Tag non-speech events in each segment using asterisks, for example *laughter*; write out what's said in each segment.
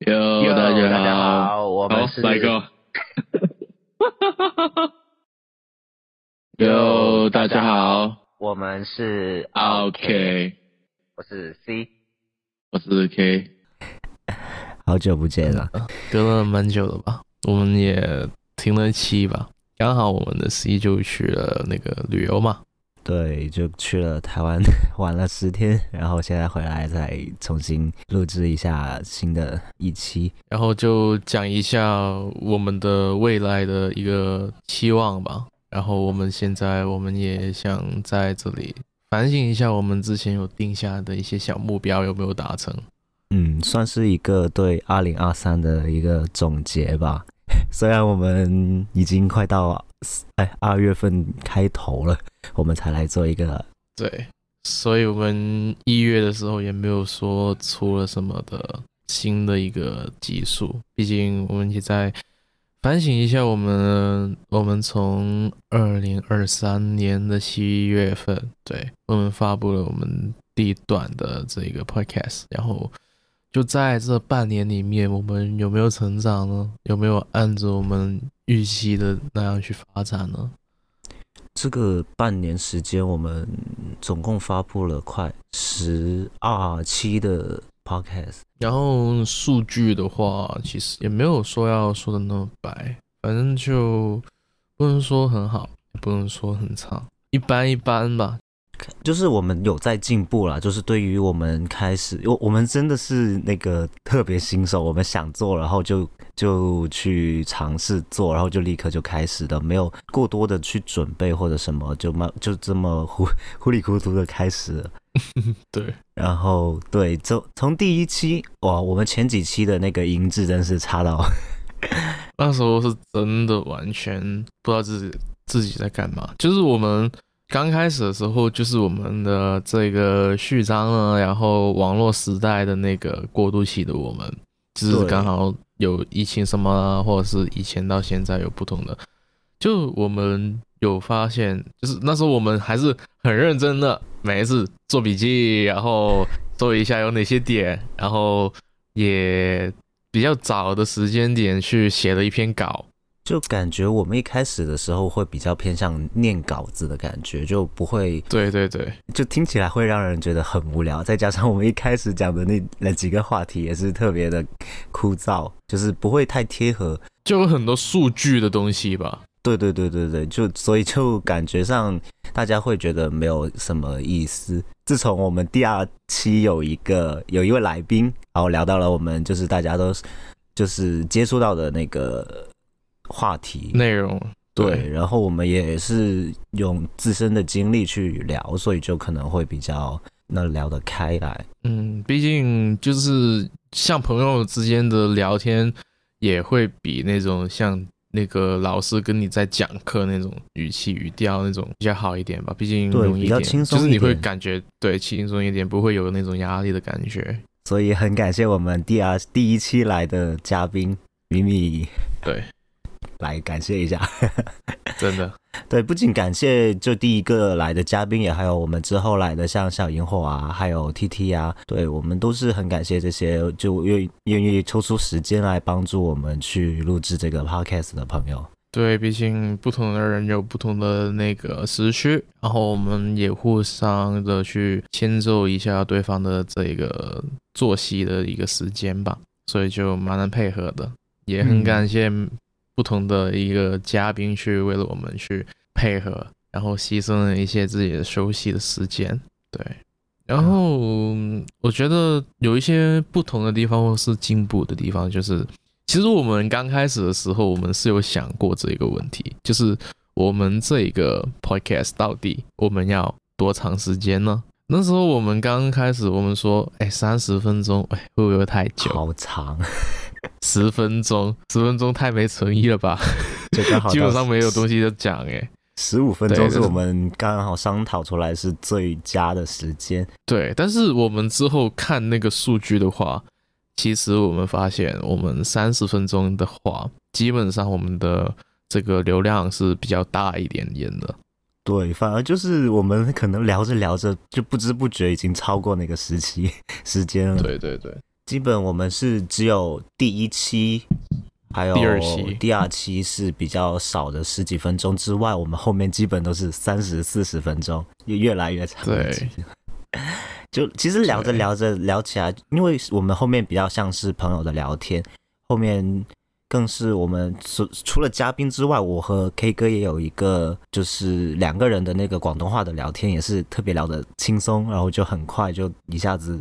喲，Yo, Yo, 大家好，我們是賴哥。哈哈哈哈哈，大家好，我們，我們是 OK，, OK 我是 C，我是 K。好久不見了，隔、嗯、了蠻久了吧？ *laughs* 我們也停了期吧？剛好我們的 C 就去了那個旅遊嘛。對，就去了台灣玩了十天，然後現在回來再重新錄製一下新的一期，然後就講一下我們的未來的一個期望吧。然後我們現在我們也想在這裡反省一下，我們之前有定下的一些小目標有沒有達成？嗯，算是一個對二零二三的一個總結吧。雖然我們已經快到了。哎，二月份開頭了，我們才來做一個。對，所以我們一月的時候也沒有說出了什麼的新的一個技術，畢竟我們也在反省一下我們，我們從二零二三年的七月份，對，我們發布了我們第一段的這個 podcast，然後。就在這半年裡面，我們有沒有成長呢？有沒有按著我們預期的那樣去發展呢？這個半年時間，我們總共發布了快十二期的 podcast。然後數據的話，其實也沒有說要說的那麼白，反正就不能說很好，也不能說很差，一般一般吧。就是我們有在進步啦，就是對於我們開始，我我們真的是那個特別新手，我們想做，然後就就去嘗試做，然後就立刻就開始的，沒有過多的去準備或者什麼，就慢就這麼糊糊裡糊塗的開始了。了 *laughs* 對。對，然後對，從從第一期哇，我們前幾期的那個音質真是差到 *laughs* ，那時候是真的完全不知道自己自己在幹嘛，就是我們。剛開始的時候，就是我們的這個序章啊，然後網絡時代的那個過渡期的我們，對就是剛好有疫情什麼，或者是以前到現在有不同的。就我們有發現，就是那時候我們還是很認真的，每一次做筆記，然後做一下有哪些點，然後也比較早的時間點去寫了一篇稿。就感覺我們一開始的時候會比較偏向念稿子的感覺，就不會，對對對，就聽起來會讓人覺得很無聊。再加上我們一開始講的那那幾個話題也是特別的枯燥，就是不會太貼合，就有很多數據的東西吧。對對對對對，就所以就感覺上大家會覺得沒有什麼意思。自從我們第二期有一個有一位來賓，然後聊到了我們就是大家都就是接觸到的那個。話題內容對,對，然後我們也是用自身的經歷去聊，所以就可能會比較能聊得開來。嗯，畢竟就是像朋友之間的聊天，也會比那種像那個老師跟你在講課那種語氣語調那種比較好一點吧。畢竟對，比較輕鬆一點，就是你會感覺對輕鬆一點，不會有那種壓力的感覺。所以很感謝我們第二第一期來的嘉賓米米。對。來感謝一下， *laughs* 真的對，不僅感謝就第一個來的嘉賓，也還有我們之後來的像小螢火啊，還有 TT 啊，對我們都是很感謝這些就願願意抽出時間來幫助我們去錄制這個 podcast 的朋友。對，畢竟不同的人有不同的那個時區，然後我們也互相的去遷就一下對方的這個作息的一個時間吧，所以就蠻能配合的，也很感謝。嗯。不同的一個嘉賓去為了我們去配合，然後犧牲了一些自己的休息的時間。對，然後我覺得有一些不同的地方或是進步的地方，就是其實我們剛開始的時候，我們是有想過這個問題，就是我們這一個 podcast 到底我們要多長時間呢？那時候我們剛剛開始，我們說，哎、欸，三十分鐘，哎、欸，會不會太久？好長。十 *laughs* 分鐘，十分鐘太沒誠意了吧？就剛好基本上沒有東西要講誒，十五分鐘是我們剛剛好商討出來是最佳的時間。對，但是我們之後看那個數據的話，其實我們發現我們三十分鐘的話，基本上我們的這個流量是比較大一點點的。對，反而就是我們可能聊着聊着就不知不覺已經超過那個時期時間了。對對對。基本我們是只有第一期，還有第二期，是比較少的十幾分鐘之外，我們後面基本都是三十四十分鐘，也越來越長期。對， *laughs* 就其實聊着聊着聊起來，對 因為我們後面比較像是朋友的聊天，後面更是我們除除了嘉賓之外，我和 K 哥也有一個就是兩個人的那個廣東話的聊天，也是特別聊得輕鬆，然後就很快就一下子。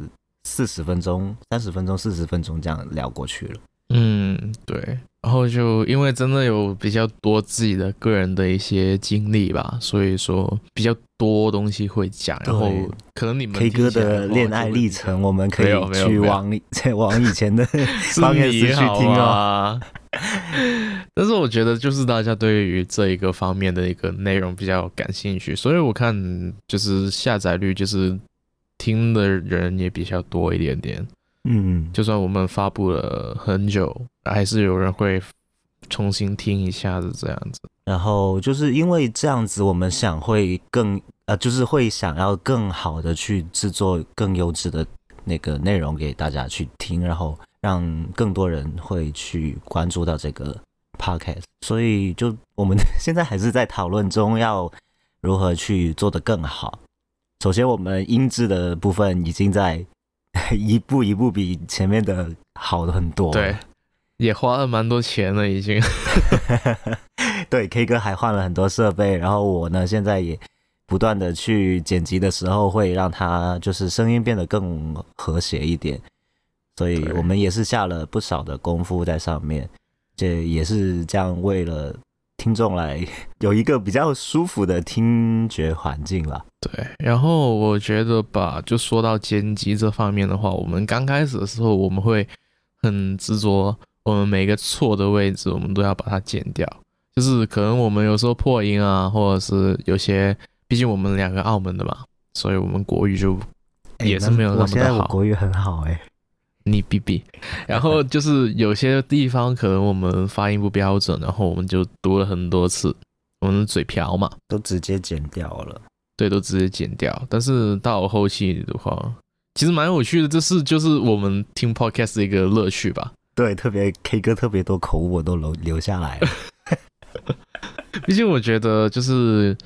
四十分鐘，三十分鐘，四十分鐘，這樣聊過去了。嗯，對。然後就因為真的有比較多自己的個人的一些經歷吧，所以說比較多東西會講。對然後可能你們有有 K 哥的戀愛歷程，我們可以去往再往以前的方聽 *laughs* 啊。 *laughs* 但是我覺得，就是大家對於這一個方面的一個內容比較感興趣，所以我看就是下載率就是。聽的人也比較多一點點，嗯，就算我們發布了很久，還是有人會重新聽一下子這樣子。然後就是因為這樣子，我們想會更呃，就是會想要更好的去製作更優質的那個內容給大家去聽，然後讓更多人會去關注到這個 podcast。所以就我們現在還是在討論中，要如何去做得更好。首先，我們音質的部分已經在一步一步比前面的好了很多。對，也花了蠻多錢了，已經。 *laughs* *laughs* 對，K 哥還換了很多設備，然後我呢，現在也不斷的去剪輯的時候，會讓它就是聲音變得更和諧一點。所以我們也是下了不少的功夫在上面，這對也是這樣為了。聽眾來有一個比較舒服的聽覺環境了。對，然後我覺得吧，就說到剪輯這方面的話，我們剛開始的時候，我們會很執着，我們每個錯的位置，我們都要把它剪掉。就是可能我們有時候破音啊，或者是有些，畢竟我們兩個澳門的嘛，所以我們國語就也是沒有那麼的好。欸、現在國語很好。欸，哎。你逼逼，然後就是有些地方可能我們發音不標準， *laughs* 然後我們就讀了很多次，我們嘴瓢嘛，都直接剪掉了。對，都直接剪掉。但是到後期的話，其實蠻有趣的，這是就是我們聽 podcast 的一個樂趣吧。對，特別 K 歌特別多口誤我都留留下來了。 *laughs* *laughs* 畢竟我覺得就是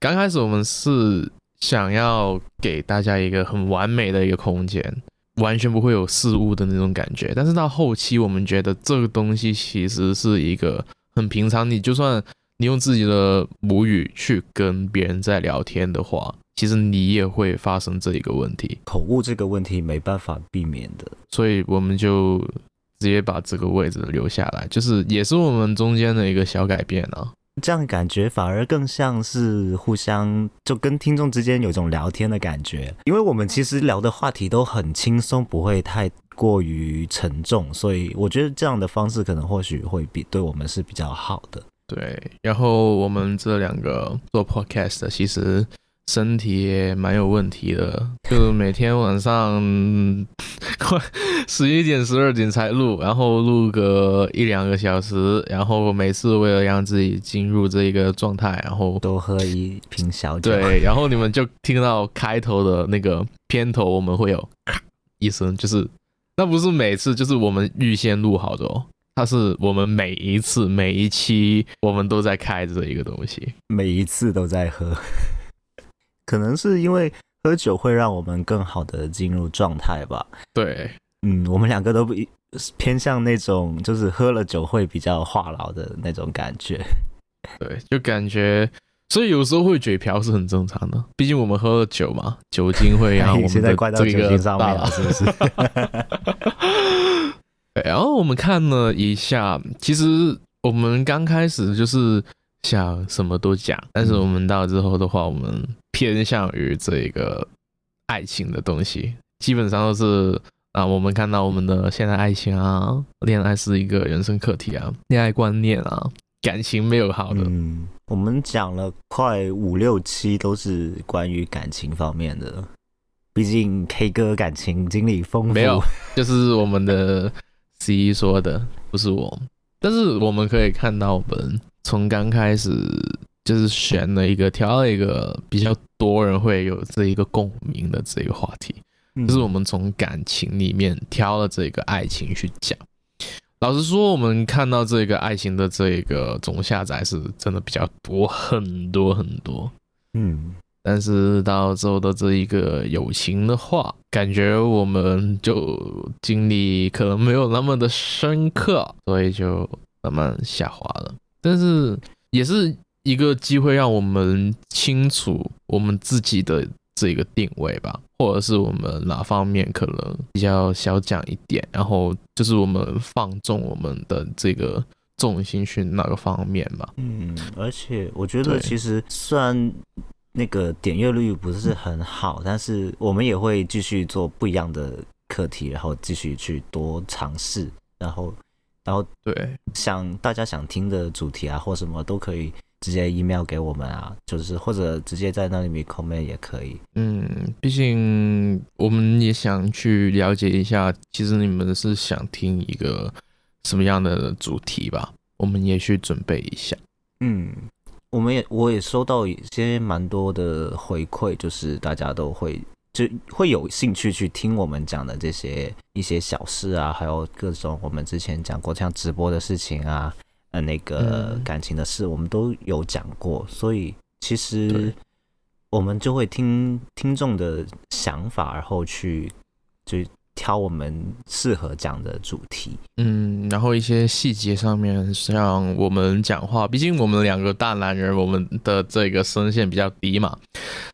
剛開始我們是想要給大家一個很完美的一個空間。完全不會有失誤的那種感覺，但是到後期我們覺得這個東西其實是一個很平常，你就算你用自己的母語去跟別人在聊天的話，其實你也會發生這一個問題，口誤這個問題沒辦法避免的，所以我們就直接把這個位置留下來，就是也是我們中間的一個小改變啊。這樣的感覺反而更像是互相，就跟聽眾之間有一種聊天的感覺，因為我們其實聊的話題都很輕鬆，不會太過於沉重，所以我覺得這樣的方式可能或許會比對我們是比較好的。對，然後我們這兩個做 podcast 的，其實身體也蠻有問題的，就每天晚上。十一 *laughs* 點十二點才錄，然後錄個一兩個小時，然後每次為了讓自己進入這一個狀態，然後多喝一瓶小酒。對，然後你們就聽到開頭的那個片頭，我們會有咔一聲，就是那不是每次，就是我們預先錄好的哦，它是我們每一次每一期我們都在開着一個東西，每一次都在喝，可能是因為。喝酒會讓我們更好的進入狀態吧？對，嗯，我們兩個都不偏向那種，就是喝了酒會比較話癆的那種感覺。對，就感覺，所以有時候會嘴瓢是很正常的。畢竟我們喝了酒嘛，酒精會讓我們的這個大 *laughs* 在上了，是不是 *laughs* *laughs* 對？然後我們看了一下，其實我們剛開始就是。想什麼都講，但是我們到了之後的話，我們偏向於這一個愛情的東西，基本上都是啊，我們看到我們的現在愛情啊，戀愛是一個人生課題啊，戀愛觀念啊，感情沒有好的。嗯，我們講了快五六期都是關於感情方面的，畢竟 K 哥感情經歷豐富。沒有，就是我們的 C 說的，不是我。但是我們可以看到本。從剛開始就是選了一個，挑了一個比較多人會有這一個共鳴的這個話題，就是我們從感情裡面挑了這個愛情去講。老實說，我們看到這個愛情的這個總下載是真的比較多，很多很多，嗯。但是到之後的這一個友情的話，感覺我們就經歷可能沒有那麼的深刻，所以就慢慢下滑了。但是也是一個機會，讓我們清楚我們自己的這個定位吧，或者是我們哪方面可能比較小講一點，然後就是我們放縱我們的這個重心去哪個方面吧。嗯，而且我覺得其實雖然那個點閱率不是很好，對但是我們也會繼續做不一樣的課題，然後繼續去多嘗試，然後。然後，對，想大家想聽的主題啊，或什麼都可以直接 email 給我們啊，就是或者直接在那裡面 comment 也可以。嗯，畢竟我們也想去了解一下，其實你們是想聽一個什麼樣的主題吧？我們也去準備一下。嗯，我們也我也收到一些蠻多的回饋，就是大家都會。就會有興趣去聽我們講的這些一些小事啊，還有各種我們之前講過像直播的事情啊，呃，那個感情的事，我們都有講過，嗯、所以其實我們就會聽對聽眾的想法，然後去就。挑我們適合講的主題，嗯，然後一些細節上面，像我們講話，畢竟我們兩個大男人，我們的這個聲線比較低嘛，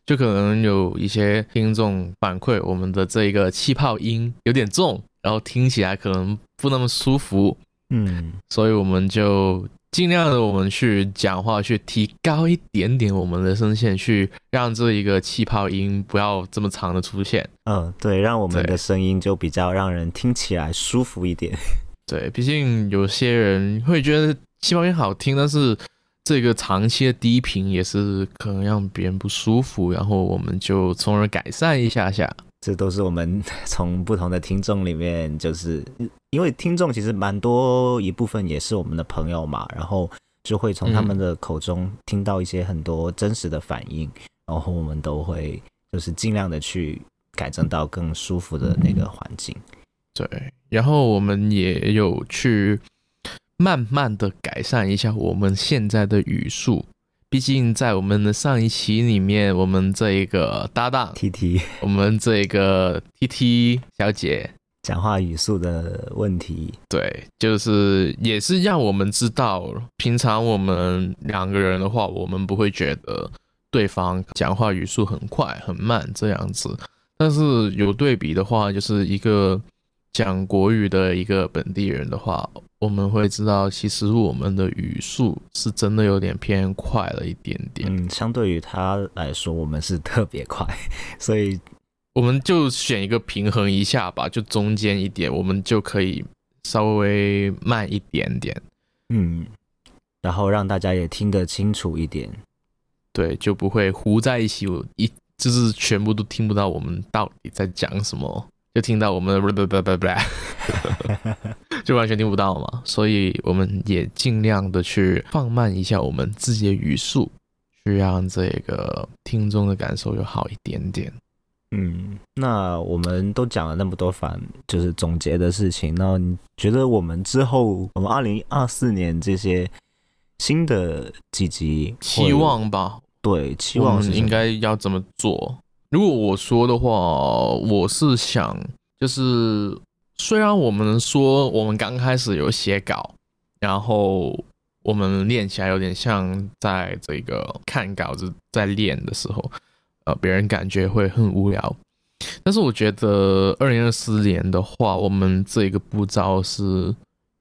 就可能有一些聽眾反饋我們的這個氣泡音有點重，然後聽起來可能不那麼舒服，嗯，所以我們就。盡量的，我們去講話，去提高一點點我們的聲線，去讓這一個氣泡音不要這麼長的出現。嗯，對，讓我們的聲音就比較讓人聽起來舒服一點。對，畢竟有些人會覺得氣泡音好聽，但是這個長期的低頻也是可能讓別人不舒服，然後我們就從而改善一下下。這都是我們從不同的聽眾裡面，就是因為聽眾其實蠻多一部分也是我們的朋友嘛，然後就會從他們的口中聽到一些很多真實的反應，嗯、然後我們都會就是盡量的去改正到更舒服的那個環境。對，然後我們也有去慢慢的改善一下我們現在的語速。畢竟，在我們的上一期裡面，我們這一個搭檔 T T，< 提提 S 1> 我們這一個 T T 小姐講話語速的問題，對，就是也是讓我們知道，平常我們兩個人的話，我們不會覺得對方講話語速很快很慢這樣子，但是有對比的話，就是一個講國語的一個本地人的話，我們會知道，其實我們的語速是真的有點偏快了一點點。嗯，相對於他來說，我們是特別快， *laughs* 所以我們就選一個平衡一下吧，就中間一點，我們就可以稍微慢一點點，嗯，然後讓大家也聽得清楚一點，對，就不會糊在一起，我一就是全部都聽不到我們到底在講什麼。就聽到我們的，就完全聽不到嘛，所以我們也盡量的去放慢一下我們自己的語速，去讓這個聽眾的感受又好一點點。 *laughs* 嗯，那我們都講了那麼多番，就是總結的事情，那你覺得我們之後，我們二零二四年這些新的幾集，期望吧，對，期望應該要怎麼做？如果我說的話，我是想，就是雖然我們說我們剛開始有寫稿，然後我們練起來有點像在這個看稿子在練的時候，呃，別人感覺會很無聊，但是我覺得二零二四年的話，我們這個步驟是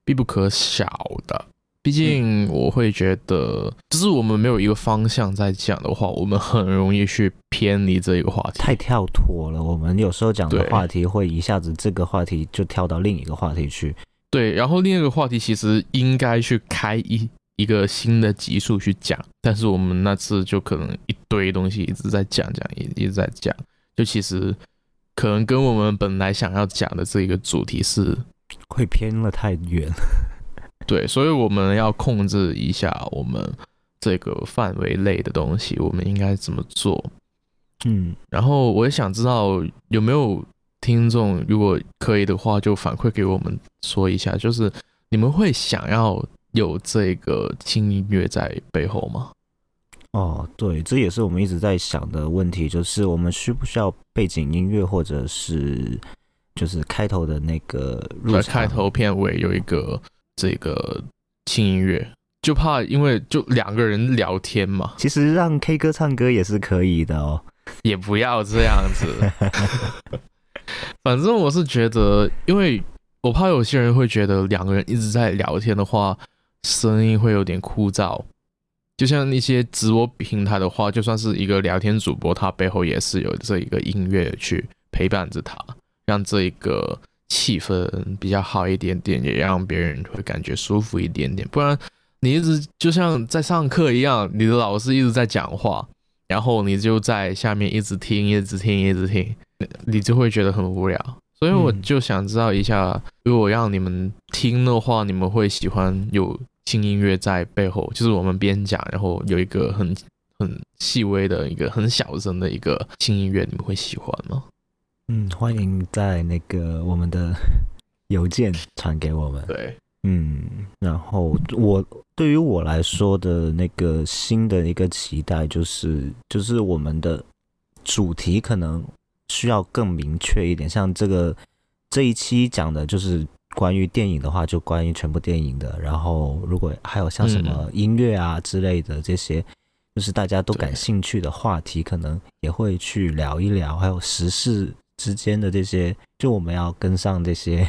必不可少的。畢竟我會覺得，嗯、只是我們沒有一個方向在講的話，我們很容易去偏離這一個話題，太跳脫了。我們有時候講的話題會一下子這個話題就跳到另一個話題去。對，然後另一個話題其實應該去開一一個新的集數去講，但是我們那次就可能一堆東西一直在講講，一一直在講，就其實可能跟我們本來想要講的這個主題是會偏了太遠。對，所以我們要控制一下我們這個範圍內的東西，我們應該怎麼做？嗯，然後我也想知道有沒有聽眾，如果可以的話，就反饋給我們說一下，就是你們會想要有這個輕音樂在背後嗎？哦，對，這也是我們一直在想的問題，就是我們需不需要背景音樂，或者是就是開頭的那個，就是開頭片尾有一個。這個輕音樂，就怕因為就兩個人聊天嘛，其實讓 K 歌唱歌也是可以的哦，也不要這樣子。 *laughs* 反正我是覺得，因為我怕有些人會覺得兩個人一直在聊天的話，聲音會有點枯燥。就像那些直播平台的話，就算是一個聊天主播，他背後也是有這一個音樂去陪伴着他，讓這一個。氣氛比較好一點點，也讓別人會感覺舒服一點點。不然，你一直就像在上課一樣，你的老師一直在講話，然後你就在下面一直聽，一直聽，一直聽，你就會覺得很無聊。所以我就想知道一下，嗯、如果讓你們聽的話，你們會喜歡有輕音樂在背後，就是我們邊講，然後有一個很很細微的一個很小聲的一個輕音樂，你們會喜歡嗎？嗯，歡迎在那個我們的郵件傳給我們。對，嗯，然後我對於我來說的那個新的一個期待就是，就是我們的主題可能需要更明確一點。像這個這一期講的就是關於電影的話，就關於全部電影的。然後，如果還有像什麼音樂啊之類的、嗯、這些，就是大家都感興趣的話題，可能也會去聊一聊。對還有時事。之間的這些，就我們要跟上這些，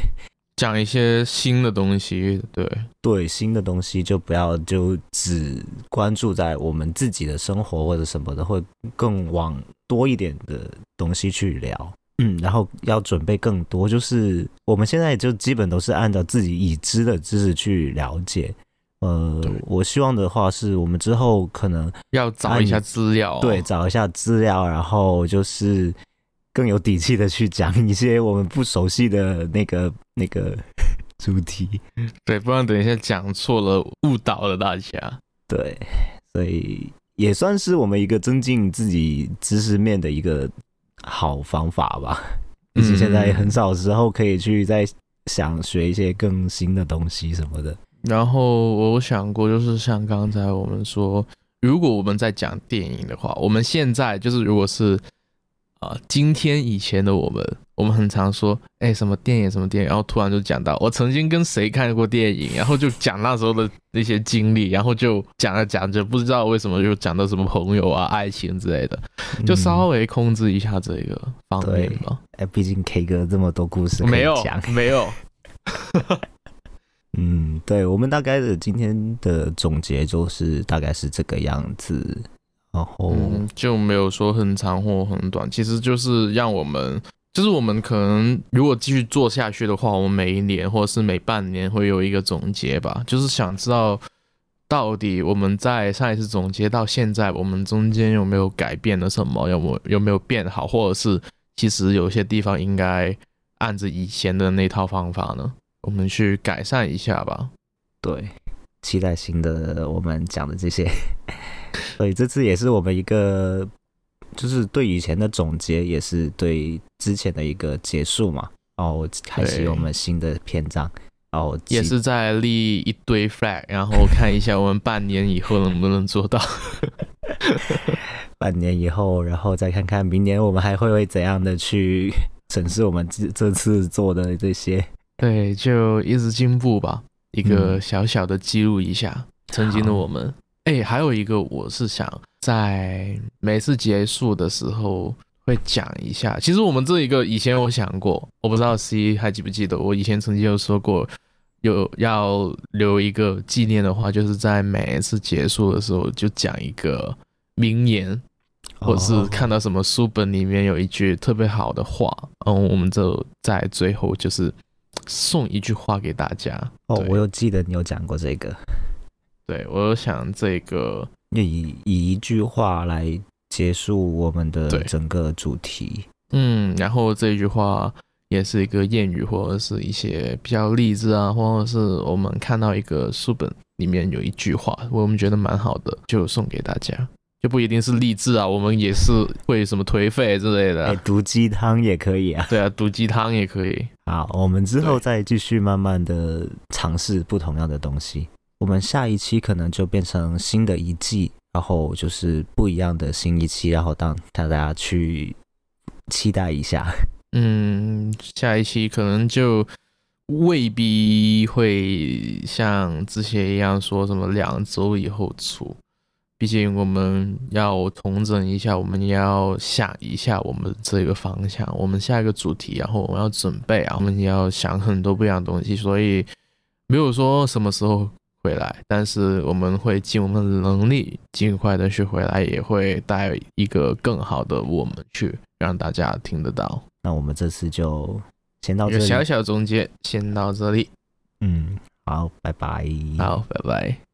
講一些新的東西，對對，新的東西就不要就只關注在我們自己的生活或者什麼的，會更往多一點的東西去聊。嗯，然後要準備更多，就是我們現在就基本都是按照自己已知的知識去了解。呃，對我希望的話是我們之後可能要找一下資料，哦，對，找一下資料，然後就是。更有底氣的去講一些我們不熟悉的那個那個主題，對，不然等一下講錯了誤導了大家。對，所以也算是我們一個增進自己知識面的一個好方法吧。嗯、而且現在很少時候可以去再想學一些更新的東西什麼的。然後我想過，就是像剛才我們說，如果我們在講電影的話，我們現在就是如果是。啊，今天以前的我們，我們很常說，哎、欸，什麼電影，什麼電影，然後突然就講到我曾經跟誰看過電影，然後就講那時候的那些經歷，然後就講着講着，不知道為什麼就講到什麼朋友啊、愛情之類的，就稍微控制一下這個方面嘛。哎、嗯，欸、畢竟 K 歌這麼多故事沒有講，沒有。 *laughs* 嗯，對，我們大概的今天的總結就是大概是這個樣子。然後、oh, oh. 嗯，就沒有說很長或很短，其實就是讓我們，就是我們可能如果繼續做下去的話，我們每一年或者是每半年會有一個總結吧，就是想知道到底我們在上一次總結到現在，我們中間有沒有改變了什麼，有沒有，有沒有變好，或者是其實有些地方應該按著以前的那套方法呢，我們去改善一下吧。對，期待新的我們講的這些。 *laughs* 所以這次也是我們一個，就是對以前的總結，也是對之前的一個結束嘛，然後開啟我們新的篇章。對然後也是在立一堆 flag，然後看一下我們半年以後能不能做到。 *laughs* *laughs* 半年以後，然後再看看明年我們還會不會怎樣的去審視我們這這次做的這些。對，就一直進步吧，一個小小的記錄一下、嗯、曾經的我們。哎、欸，還有一個，我是想在每次結束的時候會講一下。其實我們這一個以前我想過，我不知道 C 還記不記得，我以前曾經有說過，有要留一個紀念的話，就是在每一次結束的時候就講一個名言，哦、或是看到什麼書本裡面有一句特別好的話，嗯，我們就在最後就是送一句話給大家。哦，我有記得你有講過這個。對，我想這個以以一句話來結束我們的整個主題。嗯，然後這句話也是一個諺語，或者是一些比較勵志啊，或者是我們看到一個書本裡面有一句話，我們覺得蠻好的，就送給大家。就不一定是勵志啊，我們也是會什麼頹廢之類的。哎，毒雞湯也可以啊。對啊，毒雞湯也可以。好，我們之後再繼續慢慢的嘗試不同樣的東西。我們下一期可能就變成新的一季，然後就是不一樣的新一期，然後當大家去期待一下。嗯，下一期可能就未必會像之前一樣說什麼兩周以後出，畢竟我們要重整一下，我們要想一下我們這個方向，我們下一個主題，然後我們要準備啊，然後我們也要想很多不一樣東西，所以沒有說什麼時候回來，但是我們會盡我們的能力，盡快的去回來，也會帶一個更好的我們去，讓大家聽得到。那我們這次就先到這裡，小小總結，先到這裡。嗯，好，拜拜，好，拜拜。